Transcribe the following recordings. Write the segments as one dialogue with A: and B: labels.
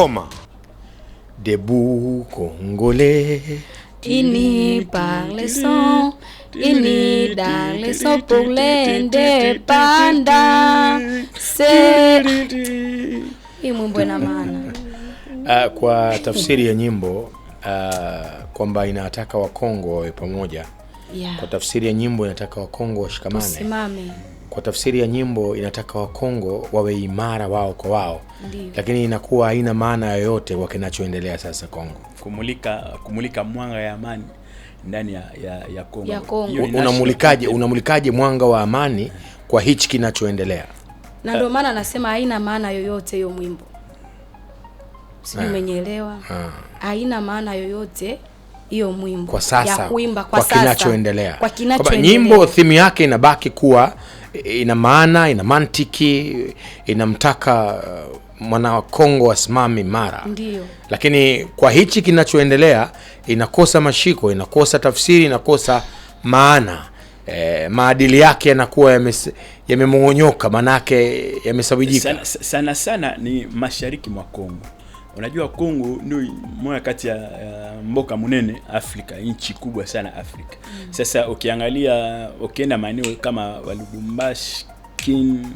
A: Koma Debout congolais.
B: Il n'y parle sans, il n'y parle sans pour l'indépendance.
A: Ah, kwa tafsiri ya nyimbo uh, kwamba inataka Wakongo wawe pamoja. Yeah. Kwa tafsiri ya nyimbo inataka Wakongo washikamane kwa tafsiri ya nyimbo inataka Wakongo wawe imara wao kwa wao Ndiyo. Lakini inakuwa haina maana yoyote kwa kinachoendelea sasa Kongo,
C: kumulika kumulika mwanga ya amani ndani ya, ya, ya Kongo,
A: ya Kongo. Unamulikaje, unamulikaje mwanga wa amani kwa hichi kinachoendelea?
B: Na ndio maana anasema haina maana yoyote hiyo mwimbo, sijui ah. umenyelewa? Ah. Haina maana yoyote hiyo mwimbo kwa sasa, ya kuimba kwa, kwa
A: kinachoendelea, kwa kinachoendelea, nyimbo thimu yake inabaki kuwa ina maana, ina mantiki, inamtaka uh, mwana wa Kongo asimame mara Ndiyo. Lakini kwa hichi kinachoendelea inakosa mashiko, inakosa tafsiri, inakosa maana. E, maadili yake yanakuwa yamemong'onyoka, maanake yamesawijika
C: sana, sana sana ni mashariki mwa Kongo. Unajua Kongo ndio moja kati ya uh, mboka munene Afrika, nchi kubwa sana Afrika. Mm. Sasa ukiangalia ukienda maeneo kama Walubumbashi, Kin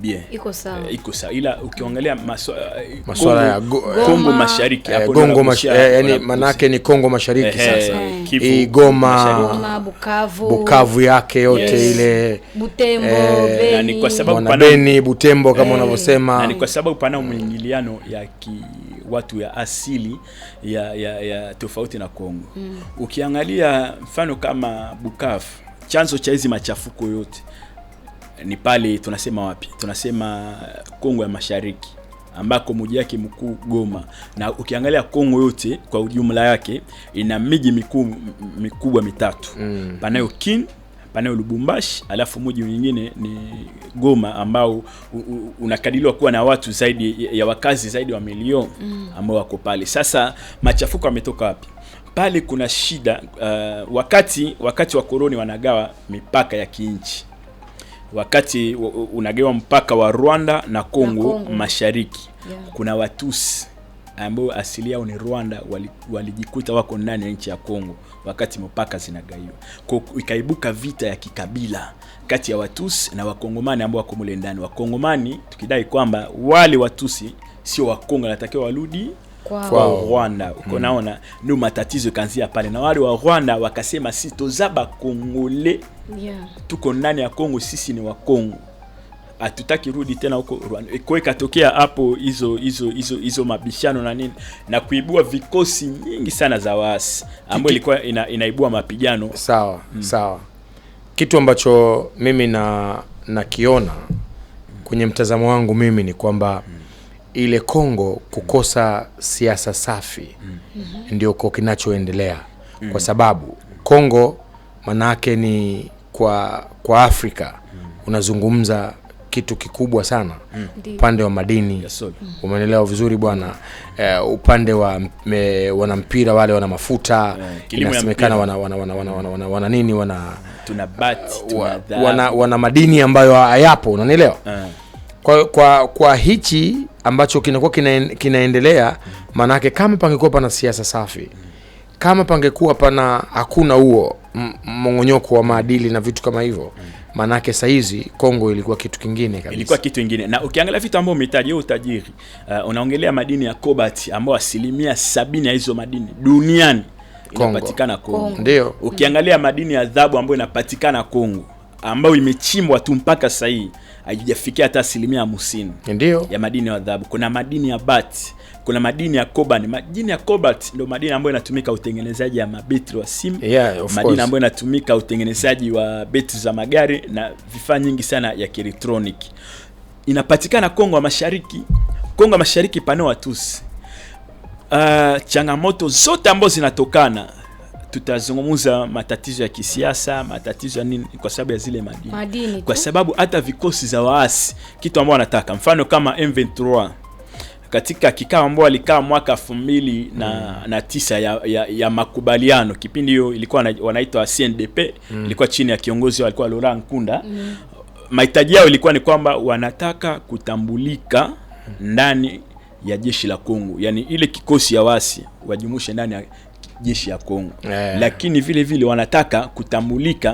C: bien
B: Iko sawa. Eh, iko
C: sawa. Ila ukiangalia masuala eh, ya eh, Kongo Mashariki
A: hapo Kongo yani manake ni Kongo Mashariki sasa. Hii Goma,
B: Bukavu,
A: Bukavu yake yote ile
B: Butembo, Beni. Na ni kwa
A: sababu pana Beni, Butembo kama unavyosema. Na
C: ni kwa sababu pana mwingiliano ya ki watu ya asili ya, ya, ya tofauti na Kongo. Mm. Ukiangalia mfano kama Bukavu, chanzo cha hizi machafuko yote ni pale tunasema wapi? Tunasema Kongo ya Mashariki ambako mji yake mkuu Goma, na ukiangalia Kongo yote kwa ujumla yake ina miji mikuu mikubwa mitatu mm. Panayo Kin, panayo Lubumbashi, alafu mji mwingine ni Goma ambao unakadiriwa kuwa na watu zaidi ya wakazi zaidi wa milioni mm. ambao wako pale. Sasa machafuko yametoka wapi? Pale kuna shida uh, wakati wakati wa koloni wanagawa mipaka ya kinchi wakati unagewa mpaka wa Rwanda na Kongo, na Kongo. Mashariki yeah. Kuna Watusi ambao asili yao ni Rwanda walijikuta wali wako ndani ya nchi ya Kongo wakati mpaka zinagaiwa, kwa ikaibuka vita ya kikabila kati ya Watusi na Wakongomani ambao wako mule ndani. Wakongomani tukidai kwamba wale Watusi sio Wakongo, anatakiwa warudi kwa, Rwanda uko hmm. naona Ndio matatizo kanzia pale, na wale wa Rwanda wakasema si tozaba Kongole yeah. Tuko ndani ya Kongo, sisi ni wa Kongo, hatutaki rudi tena huko Rwanda. Iko e, ikatokea hapo hizo hizo hizo hizo mabishano na nini na kuibua vikosi nyingi sana za waasi ambayo ilikuwa ina, inaibua mapigano
A: sawa mm. sawa kitu ambacho mimi na nakiona kwenye mtazamo wangu mimi ni kwamba mm ile Kongo kukosa siasa safi mm. ndio kwa kinachoendelea mm. kwa sababu Kongo manake ni kwa, kwa Afrika mm. unazungumza kitu kikubwa sana mm. upande wa madini yes, umeelewa vizuri bwana uh, upande wa me, wana mpira wale wana mafuta eh, inasemekana wana, wana, wana, wana, wana, wana, wana nini wana,
C: tuna bat, tuna
A: wana, wana madini ambayo hayapo unanielewa uh. Kwa, kwa, kwa hichi ambacho kinakuwa kinaen, kinaendelea maanake, kama pangekuwa pana siasa safi, kama pangekuwa pana hakuna huo mongonyoko wa maadili na vitu kama hivyo, maanake saizi Kongo ilikuwa kitu kingine kabisa, ilikuwa
C: kitu kingine. Na ukiangalia vitu ambayo umetaja hiyo utajiri, uh, unaongelea madini ya cobalt ambayo asilimia sabini ya hizo madini duniani inapatikana Kongo, ndio ukiangalia madini ya dhahabu ambayo inapatikana Kongo ambayo imechimbwa tu mpaka sahii haijafikia hata asilimia hamsini ndio ya madini ya dhahabu. Kuna madini ya bat kuna madini ya cobalt. Madini ya cobalt ndio madini ambayo inatumika utengenezaji ya mabetri wa simu yeah, madini ambayo inatumika utengenezaji wa betri za magari na vifaa nyingi sana ya kielektroniki. Inapatikana Kongo ya Mashariki, Kongo ya Mashariki, paneo Watusi. Uh, ah, changamoto zote ambazo zinatokana tutazungumza matatizo ya kisiasa, matatizo ya nini, kwa sababu ya zile madini, madini kwa sababu hata vikosi za waasi kitu ambao wanataka, mfano kama M23 katika kikao ambao walikaa mwaka elfu mbili na, mm. na tisa ya, ya, ya makubaliano. Kipindi hiyo ilikuwa wanaitwa CNDP mm. ilikuwa chini ya kiongozi alikuwa Laurent Nkunda mm. mahitaji yao ilikuwa ni kwamba wanataka kutambulika mm. ndani ya jeshi la Kongo, yani ile kikosi ya wasi wajumuishe ndani ya jeshi ya Kongo yeah. Lakini vile vile wanataka kutambulika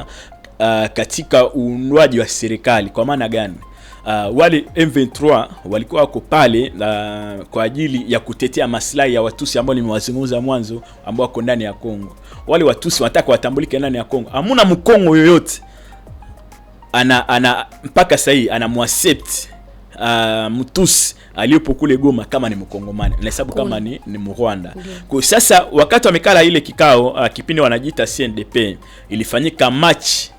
C: uh, katika uundwaji wa serikali. Kwa maana gani? Uh, wale M23 walikuwa wako pale uh, kwa ajili ya kutetea maslahi ya Watusi ambao nimewazungumza mwanzo, ambao wako ndani ya Kongo. Wale Watusi wanataka watambulike ndani ya Kongo. Hamuna Mkongo yoyote ana, ana mpaka sahii anamwaccept uh, mtusi aliyopo kule Goma kama ni mkongomani na hesabu kama ni, ni Mrwanda. Kwa sasa wakati wamekala ile kikao uh, kipindi wanajiita CNDP ilifanyika Machi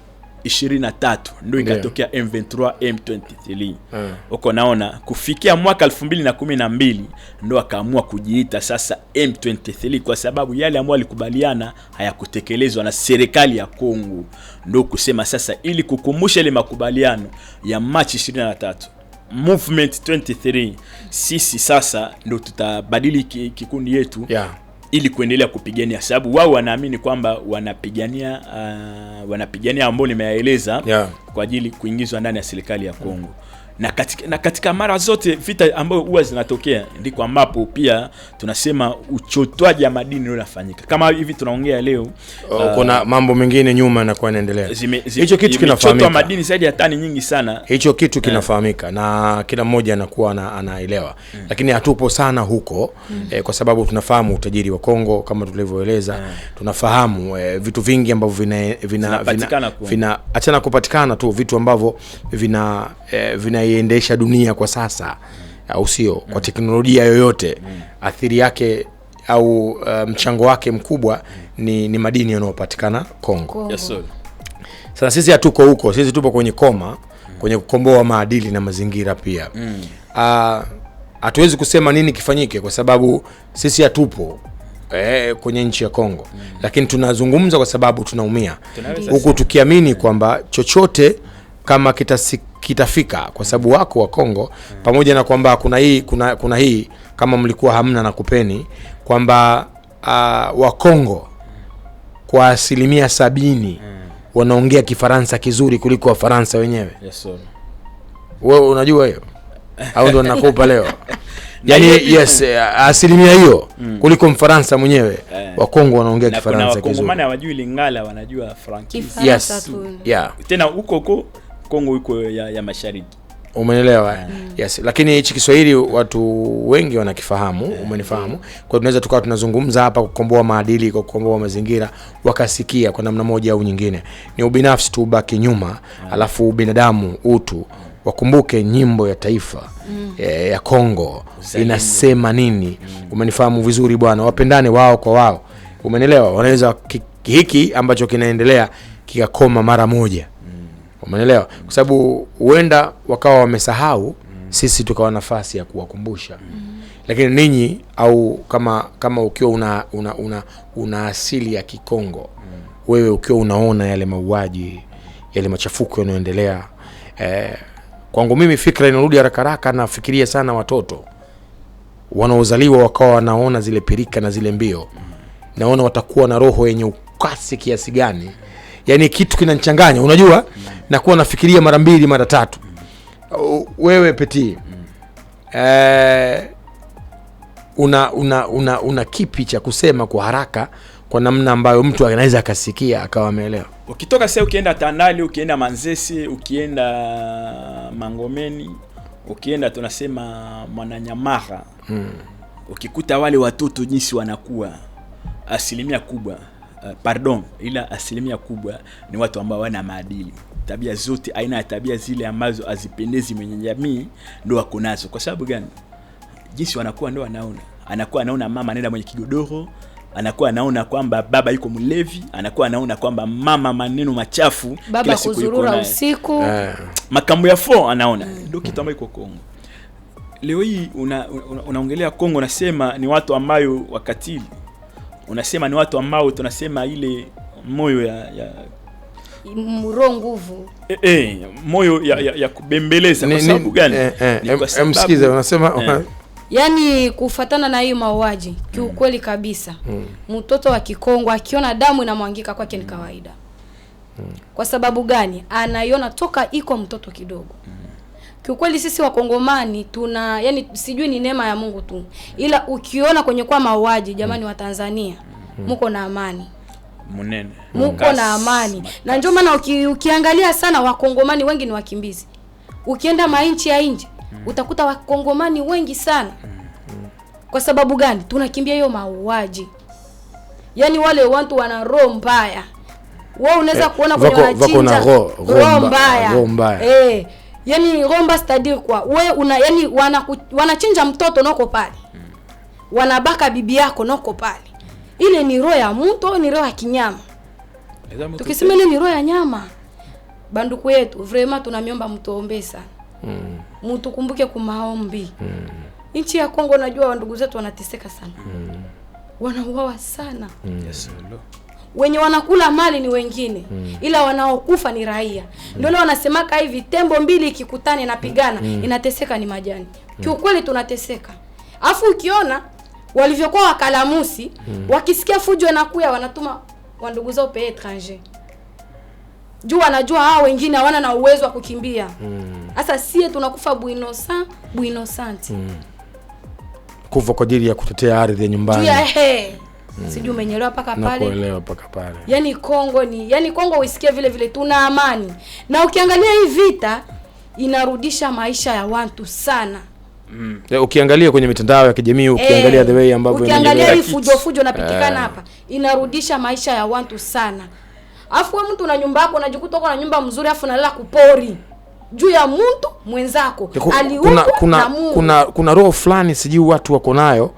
C: 23 ndio ikatokea M23 M23. Hmm. naona kufikia mwaka 2012 ndio akaamua kujiita sasa M23 kwa sababu yale ambayo alikubaliana hayakutekelezwa na serikali ya Kongo, ndio kusema sasa ili kukumbusha ile makubaliano ya Machi 23 Movement 23 sisi sasa ndo tutabadili kikundi yetu yeah, ili kuendelea kupigania, sababu wao wanaamini kwamba wanapigania uh, wanapigania ambao nimeyaeleza yeah, kwa ajili kuingizwa ndani ya serikali ya Kongo mm na katika, na katika mara zote vita ambayo huwa zinatokea ndiko ambapo pia tunasema uchotwaji wa madini unafanyika. Kama hivi tunaongea leo,
A: oh, uh, kuna mambo mengine nyuma yanakuwa yanaendelea. Hicho kitu kinafahamika,
C: madini zaidi ya tani nyingi sana,
A: hicho kitu eh. kinafahamika yeah. na kila mmoja anakuwa anaelewa mm. lakini hatupo sana huko mm. eh, kwa sababu tunafahamu utajiri wa Kongo kama tulivyoeleza yeah. Mm. tunafahamu eh, vitu vingi ambavyo vina
C: vina, vina,
A: vina achana kupatikana tu vitu ambavyo vina eh, vinaiendesha dunia kwa sasa eh, au sio? Kwa teknolojia yoyote athiri yake au uh, mchango wake mkubwa ni, ni madini yanayopatikana Kongo. Yes, Sasa sisi hatuko huko, sisi tupo kwenye koma kwenye kukomboa maadili na mazingira pia mm. Ah, hatuwezi uh, kusema nini kifanyike kwa sababu sisi hatupo eh, kwenye nchi ya Kongo mm. Lakini tunazungumza kwa sababu tunaumia huku tukiamini kwamba chochote kama kitasi, kitafika kwa sababu wako wa Kongo pamoja na kwamba kuna hii kuna, kuna hii kama mlikuwa hamna na kupeni kwamba uh, wa Kongo kwa asilimia sabini mm. wanaongea Kifaransa kizuri kuliko Wafaransa wenyewe. Yes, wewe unajua hiyo au ndio nakupa leo Yaani yes, asilimia hiyo mm. kuliko Mfaransa mwenyewe yeah. Wakongo wanaongea Kifaransa kizuri. Na kuna Wakongomani
C: hawajui Lingala, wanajua Kifaransa.
A: Yes. Yeah.
C: Tena huko huko Kongo iko ya, ya mashariki
A: Umeelewa? Yeah. Mm. Yes, lakini hichi Kiswahili watu wengi wanakifahamu, eh. umenifahamu. Kwa tunaweza tukawa tunazungumza hapa kukomboa maadili, kwa kukomboa mazingira, wakasikia kwa namna moja au nyingine. Ni ubinafsi tu ubaki nyuma, mm. alafu ubinadamu, utu, wakumbuke nyimbo ya taifa mm. Eh, ya Kongo inasema nini? Mm. Umenifahamu vizuri bwana, wapendane wao kwa wao, umenielewa. Wanaweza hiki ambacho kinaendelea kikakoma mara moja Umeelewa? Kwa sababu huenda wakawa wamesahau, sisi tukawa nafasi ya kuwakumbusha lakini ninyi au kama kama ukiwa una, una, una, una asili ya Kikongo mm. Wewe ukiwa unaona yale mauaji yale machafuko yanayoendelea eh, kwangu mimi fikra inarudi haraka haraka, nafikiria sana watoto wanaozaliwa wakawa wanaona zile pirika na zile mbio mm. Naona watakuwa na roho yenye ukasi kiasi gani yani kitu kinanichanganya, unajua mm. nakuwa nafikiria mara mbili mara tatu mm. wewe Peti mm. eh, una, una, una, una kipi cha kusema kwa haraka kwa namna ambayo mtu anaweza akasikia akawa ameelewa?
C: Ukitoka sasa ukienda tandali ukienda Manzese, ukienda Mangomeni, ukienda tunasema Mwananyamara hmm. ukikuta wale watoto jinsi wanakuwa asilimia kubwa uh, pardon, ila asilimia kubwa ni watu ambao wana maadili. Tabia zote aina ya tabia zile ambazo hazipendezi mwenye jamii ndo wako nazo. Kwa sababu gani? Jinsi wanakuwa ndo wanaona, anakuwa anaona mama anaenda mwenye kigodoro anakuwa anaona kwamba baba yuko mlevi, anakuwa anaona kwamba mama maneno machafu,
B: baba kuzurura usiku, eh.
C: makambo ya fo anaona mm. ndio kitu ambacho iko Kongo leo hii. Unaongelea una, una Kongo, nasema ni watu ambayo wakatili unasema ni watu ambao tunasema ile moyo ya, ya
B: mro nguvu eh,
C: eh, moyo ya, ya, ya kubembeleza kwa sababu gani? Eh,
A: eh, msikize unasema eh.
B: Yaani kufatana na hiyo mauaji kiukweli kabisa mm. mtoto wa Kikongo akiona damu inamwangika kwake ni mm. kawaida mm. kwa sababu gani? Anaiona toka iko mtoto kidogo mm. Kiukweli sisi wakongomani tuna yani, sijui ni neema ya Mungu tu, ila ukiona kwenye kwa mauaji jamani, wa Tanzania mm. muko na amani mnene, muko na amani, na ndio maana uki, ukiangalia sana wakongomani wengi ni wakimbizi. Ukienda mainchi ya nje mm. utakuta wakongomani wengi sana. Mm. Kwa sababu gani? Tunakimbia hiyo mauaji, yani wale watu wana roho mbaya. Wewe unaweza eh, kuona kwenye wanachinja
A: roho mbaya
B: eh yani Romba kwa we una yani wanaku, wanachinja mtoto noko pale mm. wanabaka bibi yako noko pale. Ile ni roho ya mtu, ni roho ya kinyama. Tukisema ile ni roho ya nyama, banduku yetu vraiment tunamiomba mtuombe sana mm. Mutukumbuke kumaombi mm. Nchi ya Kongo najua ndugu zetu wanateseka sana mm. Wanauawa sana mm. yes wenye wanakula mali ni wengine mm. ila wanaokufa ni raia mm. Ndio wanasemaka hivi, tembo mbili ikikutana inapigana mm. inateseka ni majani mm. Kiukweli tunateseka, afu ukiona walivyokuwa wakalamusi mm. wakisikia fujo na kuya wanatuma wandugu zao pe etranger juu wanajua hao wengine hawana na uwezo wa kukimbia hmm. sasa mm. sie tunakufa buinosa buinosanti mm.
A: kufa kwa ajili ya kutetea ardhi ya nyumbani.
B: Sijui umenyelewa paka pale, nakuelewa paka pale. Yaani Kongo ni yaani Kongo uisikie vile vile tuna amani, na ukiangalia hii vita inarudisha maisha ya watu sana
C: mm. Yeah, ukiangalia kwenye mitandao ya kijamii eh, ukiangalia, eh, the way ambavyo
B: ukiangalia hii fujo fujo napitikana eh. hapa eh, inarudisha maisha ya watu sana. Afu wewe mtu una nyumba yako unajikuta uko na nyumba mzuri afu unalala kupori juu ya mtu mwenzako aliuka kuna, kuna, kuna,
A: kuna roho fulani sijui watu wako nayo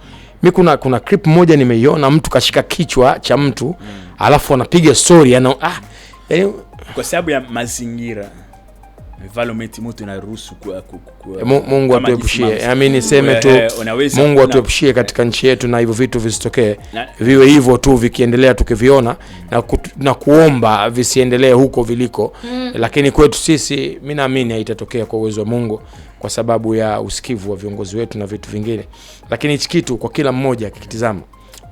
A: mi kuna, kuna clip moja nimeiona mtu kashika kichwa cha mtu mm. alafu anapiga story ana ah,
C: yani... kwa sababu ya mazingira environment inaruhusu kwa, kwa,
A: Mungu atuepushie. Yaani niseme eh, tu eh, Mungu atuepushie katika eh. nchi yetu na hivyo vitu visitokee, viwe hivyo tu vikiendelea tukiviona mm. na, ku, na kuomba visiendelee huko viliko mm. lakini kwetu sisi mi naamini haitatokea kwa uwezo wa Mungu kwa sababu ya usikivu wa viongozi wetu na vitu vingine. Lakini hichi kitu kwa kila mmoja akikitizama,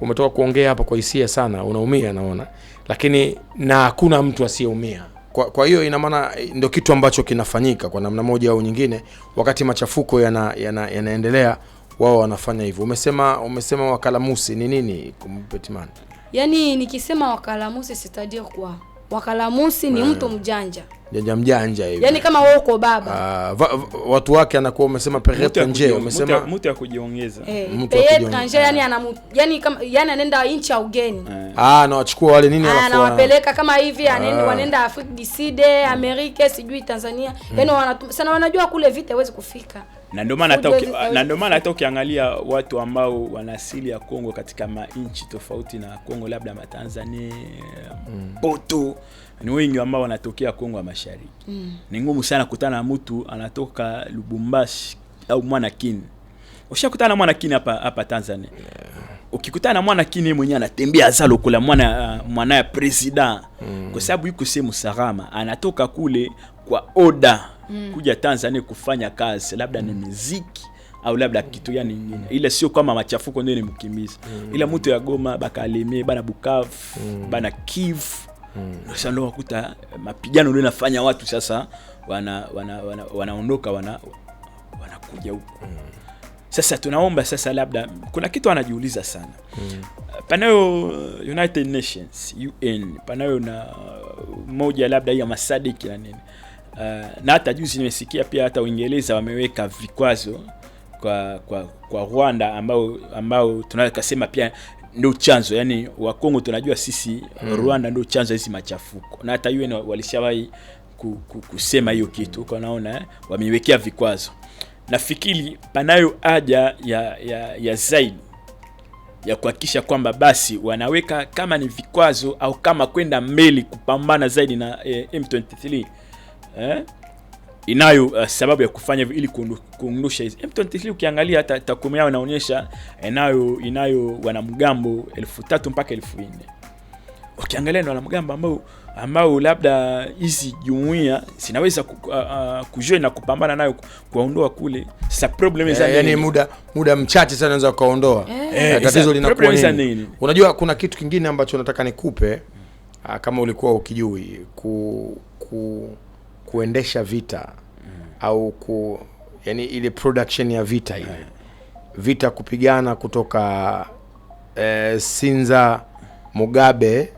A: umetoka kuongea hapa kwa hisia sana, unaumia naona, lakini na hakuna mtu asiyeumia. Kwa, kwa hiyo ina maana eh, ndio kitu ambacho kinafanyika kwa namna moja au nyingine, wakati machafuko yana, yana, yanaendelea wao wanafanya hivyo. Umesema umesema wakalamusi ni nini Petiman?
B: Yaani nikisema wakalamusi sitadio kwa wakalamusi ni eh. mtu mjanja
A: janja mjanja hivi, yani kama wewe uko baba ah, va, va, watu wake anakuwa umesema peretre nje, umesema
C: mtu ya kujiongeza eh,
B: mtu ya kujiongeza yani ana yani kama yani anaenda inchi ya ugeni eh.
A: ah na wachukua wale nini, alafu
B: ah, anawapeleka kama hivi ah. anaenda, wanaenda Afrika diside Amerika, sijui Tanzania yani mm. Yaani sana wanajua kule vita hawezi kufika
C: na ndio maana na ndio maana hata ukiangalia watu ambao wana asili ya Kongo katika manchi tofauti na Kongo, labda Matanzania mm. poto ni wengi ambao wanatokea Kongo ya Mashariki mm. Ni ngumu sana kutana na mtu anatoka Lubumbashi au Mwana Mwanakini. Ushakutana na Mwana Kini hapa hapa Tanzania yeah. Ukikutana na Mwana Kini mwenyewe anatembea zalo kula mwana uh, mwana ya president mm. Kwa sababu yuko sehemu salama, anatoka kule kwa oda mm. kuja Tanzania kufanya kazi labda mm. ni muziki au labda kitu gani nyingine, ila sio kama machafuko ndio ni mkimbizi mm. ila mtu ya Goma bakalemie bana Bukavu mm. bana Kivu mm. Sasa ndo wakuta eh, mapigano ndio inafanya watu sasa wanaondoka wana, wana, wana wanakuja wana huku mm. Sasa tunaomba sasa, labda kuna kitu anajiuliza sana mm. Panayo uh, United Nations UN, panayo na uh, moja labda ya masadiki na nini uh, na hata juzi nimesikia pia hata Uingereza wameweka vikwazo kwa, kwa, kwa Rwanda ambao ambao tunaweza kusema pia ndio chanzo yani, Wakongo tunajua sisi mm. Rwanda ndio chanzo hizi machafuko, na hata UN walishawahi kusema hiyo kitu uko naona eh? Wameiwekea vikwazo. Nafikiri panayo haja ya, ya, ya zaidi ya kuhakikisha kwamba basi wanaweka kama ni vikwazo au kama kwenda mbele kupambana zaidi na eh, M23 eh? inayo uh, sababu ya kufanya hivyo ili kuondosha hizi M23. Ukiangalia hata takwimu yao inaonyesha eh, inayo inayo wanamgambo elfu tatu mpaka elfu nne ukiangalia ni wanamgambo ambao ambao labda hizi jumuiya zinaweza ku, uh, uh, kujua na kupambana nayo kuwaondoa kule. Sasa problem eh, yani
A: muda muda mchache sana unaweza kuondoa eh, eh tatizo linakuwa nini? Nini? Unajua kuna kitu kingine ambacho nataka nikupe uh, kama ulikuwa ukijui ku, ku kuendesha vita mm. au ku yani ile production ya vita ile yeah. vita kupigana kutoka e, Sinza Mugabe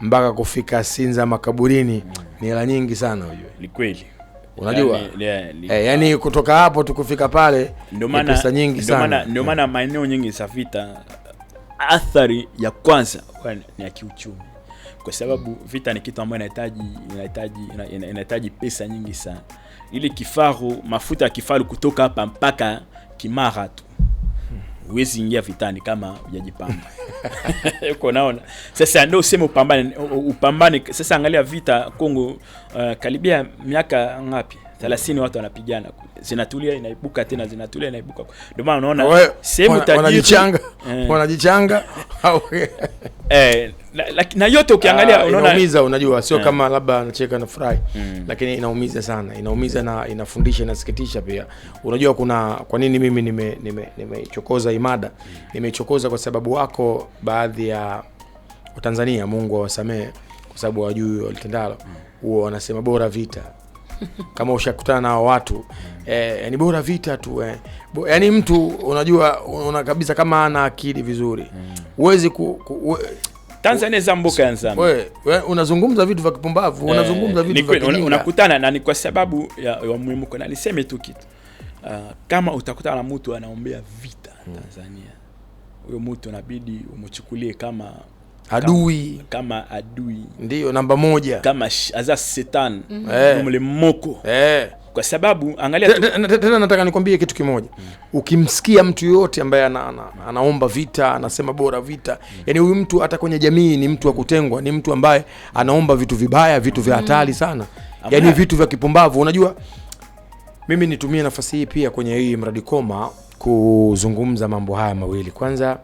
A: mpaka kufika Sinza makaburini mm. ni hela nyingi sana unajua. Ni kweli. Unajua yani, eh, yani kutoka hapo tukufika pale
C: ndio maana pesa nyingi sana, ndio maana maeneo nyingi za vita athari ya kwanza ni ya kiuchumi kwa sababu vita ni kitu ambayo inahitaji inahitaji inahitaji pesa nyingi sana. ili kifaru, mafuta ya kifaru kutoka hapa mpaka Kimara tu huwezi ingia vitani kama hujajipamba. Uko naona sasa, ndio useme upambane, upambane. Sasa angalia vita Kongo, uh, karibia miaka ngapi? 30 watu wanapigana, zinatulia inaibuka tena, zinatulia inaibuka. Ndio maana unaona
A: sehemu tajiri wanajichanga, eh. wanajichanga
C: eh na, la, na yote ukiangalia uh, unaona
A: inaumiza, unajua sio yeah. Kama labda anacheka na furahi mm. Lakini inaumiza sana, inaumiza na inafundisha, inasikitisha pia. Unajua kuna kwa nini mimi nimechokoza nime, nime imada mm. Nimechokoza kwa sababu wako baadhi ya Watanzania, Mungu awasamee kwa sababu wajui walitendalo huo mm. Wanasema bora vita kama ushakutana na watu eh, ni bora vita tu eh. Bo, yani mtu unajua una kabisa kama ana akili vizuri mm. huwezi ku, ku,
C: Tanzania za mboka ya nzambi.
A: We, we, unazungumza vitu vya kipumbavu, eh, unazungumza vitu vya kijinga.
C: Unakutana na ni kwa sababu ya muhimu kuna niseme tu kitu. Uh, kama utakutana na mtu anaombea vita hmm. Tanzania, huyo mtu inabidi umchukulie kama
A: adui
C: kama, kama adui.
A: Ndio namba moja. Kama
C: aza setan mm -hmm. Hey. Mlimoko. Eh. Hey kwa sababu
A: angalia tena, nataka nikwambie kitu kimoja. Ukimsikia mtu yoyote ambaye ana, ana, anaomba vita anasema bora vita, yani huyu mtu hata kwenye jamii ni mtu wa kutengwa, ni mtu ambaye anaomba vitu vibaya, vitu vya hatari mm. sana, yani vitu vya kipumbavu. Unajua, mimi nitumie nafasi hii pia kwenye hii mradi Koma kuzungumza mambo haya mawili kwanza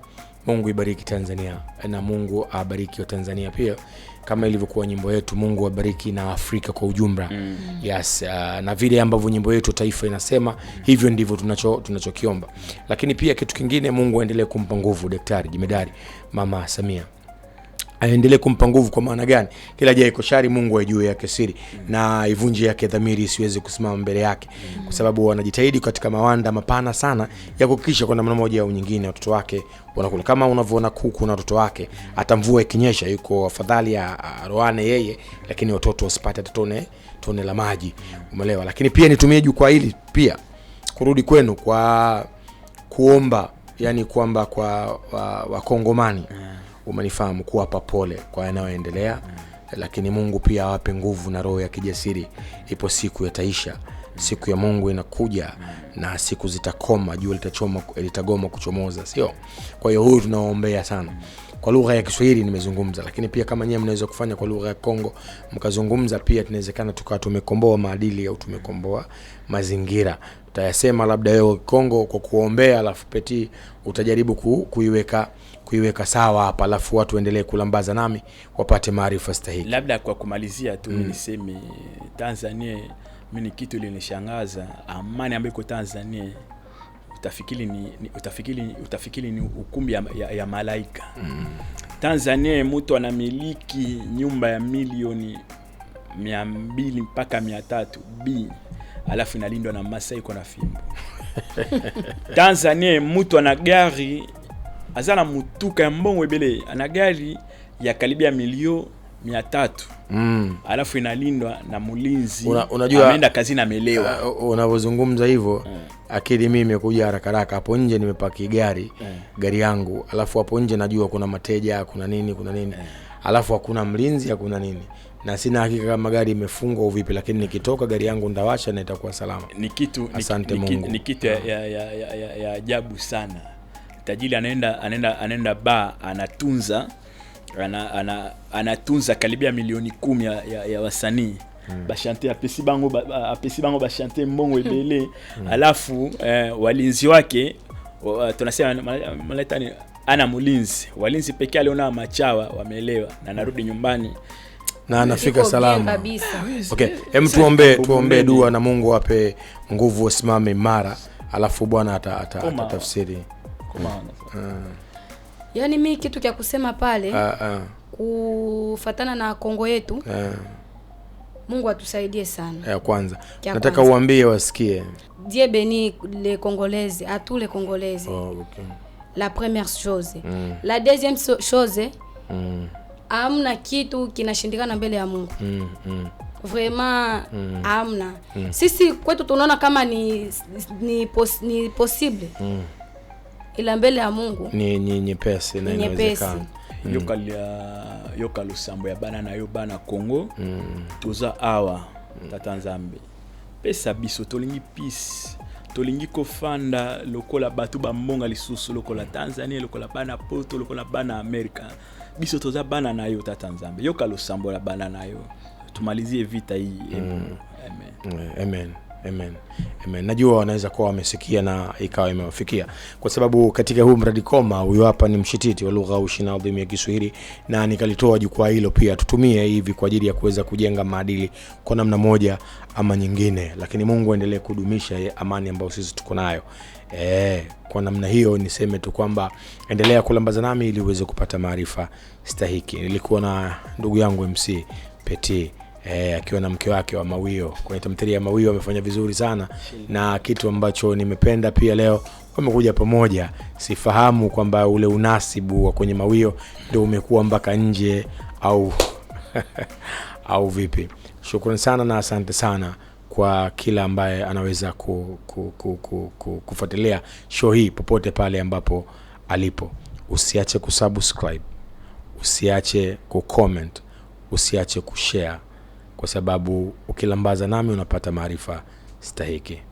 A: Mungu ibariki Tanzania na Mungu abariki wa Tanzania pia, kama ilivyokuwa nyimbo yetu, Mungu abariki na Afrika kwa ujumla mm. Yes, uh, na vile ambavyo nyimbo yetu taifa inasema hivyo ndivyo tunacho tunachokiomba, lakini pia kitu kingine, Mungu aendelee kumpa nguvu Daktari jimedari Mama Samia aendelee kumpa nguvu. Kwa maana gani? Kila jaye koshari Mungu ajue yake siri mm. na ivunje yake dhamiri isiweze kusimama mbele yake mm. kwa sababu wanajitahidi katika mawanda mapana sana ya kuhakikisha kwa namna moja au nyingine watoto wake wanakula. Kama unavyoona kuku na watoto wake, hata mvua ikinyesha, yuko afadhali ya roane yeye, lakini watoto wasipate hata tone tone la maji, umeelewa? Lakini pia nitumie jukwaa hili pia kurudi kwenu kwa kuomba, yani kwamba kwa wakongomani wa umenifahamu, kuwapa pole kwa yanayoendelea mm. Lakini Mungu pia awape nguvu na roho ya kijasiri. Ipo siku yataisha, siku ya Mungu inakuja na siku zitakoma, jua litachoma, litagoma kuchomoza, sio? Kwa hiyo huyu tunawaombea sana kwa lugha ya Kiswahili nimezungumza, lakini pia kama nyewe mnaweza kufanya kwa lugha ya Kongo mkazungumza pia, tunawezekana tukawa tumekomboa maadili au tumekomboa mazingira. Utayasema labda wewe Kongo kwa kuombea, alafu Peti utajaribu ku, kuiweka kuiweka sawa hapa, alafu watu waendelee kulambaza nami wapate maarifa stahiki. Labda
C: kwa kumalizia tu mm. niseme Tanzania mimi kitu linishangaza amani ambayo iko Tanzania utafikiri ni, utafikiri, utafikiri ni ukumbi ya, ya, ya malaika mm. Tanzania mtu anamiliki nyumba ya milioni mia mbili mpaka mia tatu b alafu inalindwa na Masai kwa na fimbo Tanzania mtu ana gari aza na mutuka ya mbongo ebele ana gari ya karibia milio mia tatu mm. alafu inalindwa na mlinzi una, kazi na melewa amelewa.
A: Uh, uh, unavyozungumza hivyo uh. akili mimi imekuja haraka haraka hapo nje nimepaki gari uh. gari yangu alafu hapo nje najua kuna mateja kuna nini kuna nini uh. alafu hakuna mlinzi hakuna nini na sina hakika kama gari imefungwa uvipi vipi, lakini nikitoka gari yangu ndawasha na itakuwa salama. Ni kitu asante ni, Mungu ni
C: kitu ya ajabu sana tajili anaenda anaenda anaenda ba anatunza ana, ana, anatunza karibia milioni kumi ya, ya, ya wasanii Hmm. bashante apesi bango ba, apesi bango bashante mbongo hmm. ebele hmm. alafu eh, walinzi wake wa, tunasema ni ana mlinzi walinzi pekee aliona machawa wameelewa na anarudi nyumbani
A: na anafika salama okay hem tuombe tuombe dua na mungu ape nguvu usimame mara alafu bwana atatafsiri ata, ata, ata
B: maana sasa. Eh. Yaani mi kitu kya kusema pale ah, ah. kufatana na Kongo yetu uh, Mungu atusaidie sana. Ya
A: kwanza. Kya nataka kwanza uambie wasikie.
B: Die beni le Congolaises, à tous les Oh, okay. La première chose. Mm. La deuxième chose mm. Amna kitu kinashindikana mbele ya Mungu. Mm, mm. Vraiment mm. Amna. Mm. Sisi kwetu tunaona kama ni ni, pos, ni possible. Mm ila mbele ya Mungu
A: ni nyepesi na inawezekana.
C: Mm. yoka lusambo ya bana na yo bana Congo mm. toza awa mm. tata nzambe pesa biso tolingi peace tolingi kofanda lokola bato bambonga lisusu lokola Tanzania lokola bana poto lokola bana Amerika biso toza bana na yo tata nzambe yoka losambo ya bana na yo tumalizie vita hii mm.
A: amen, amen. amen. Amen. Amen. Najua wanaweza kuwa wamesikia na ikawa imewafikia, kwa sababu katika huu mradi Koma, huyo hapa ni mshititi wa lugha ushi na adhimu ya Kiswahili, na nikalitoa jukwaa hilo pia tutumie hivi kwa ajili ya kuweza kujenga maadili kwa namna moja ama nyingine, lakini Mungu aendelee kudumisha amani ambayo sisi tuko nayo. E, kwa namna hiyo niseme tu kwamba endelea kulambaza nami ili uweze kupata maarifa stahiki. Nilikuwa na ndugu yangu MC Petit eh, akiwa na mke wake wa Mawio kwenye tamthilia ya Mawio. Amefanya vizuri sana na kitu ambacho nimependa pia leo wamekuja pamoja. Sifahamu kwamba ule unasibu wa kwenye Mawio ndio umekuwa mpaka nje au au vipi? Shukrani sana na asante sana kwa kila ambaye anaweza ku, ku, ku, ku, ku, kufuatilia show hii popote pale ambapo alipo. Usiache kusubscribe, usiache kucomment, usiache kushare kwa sababu ukilambaza nami unapata maarifa stahiki.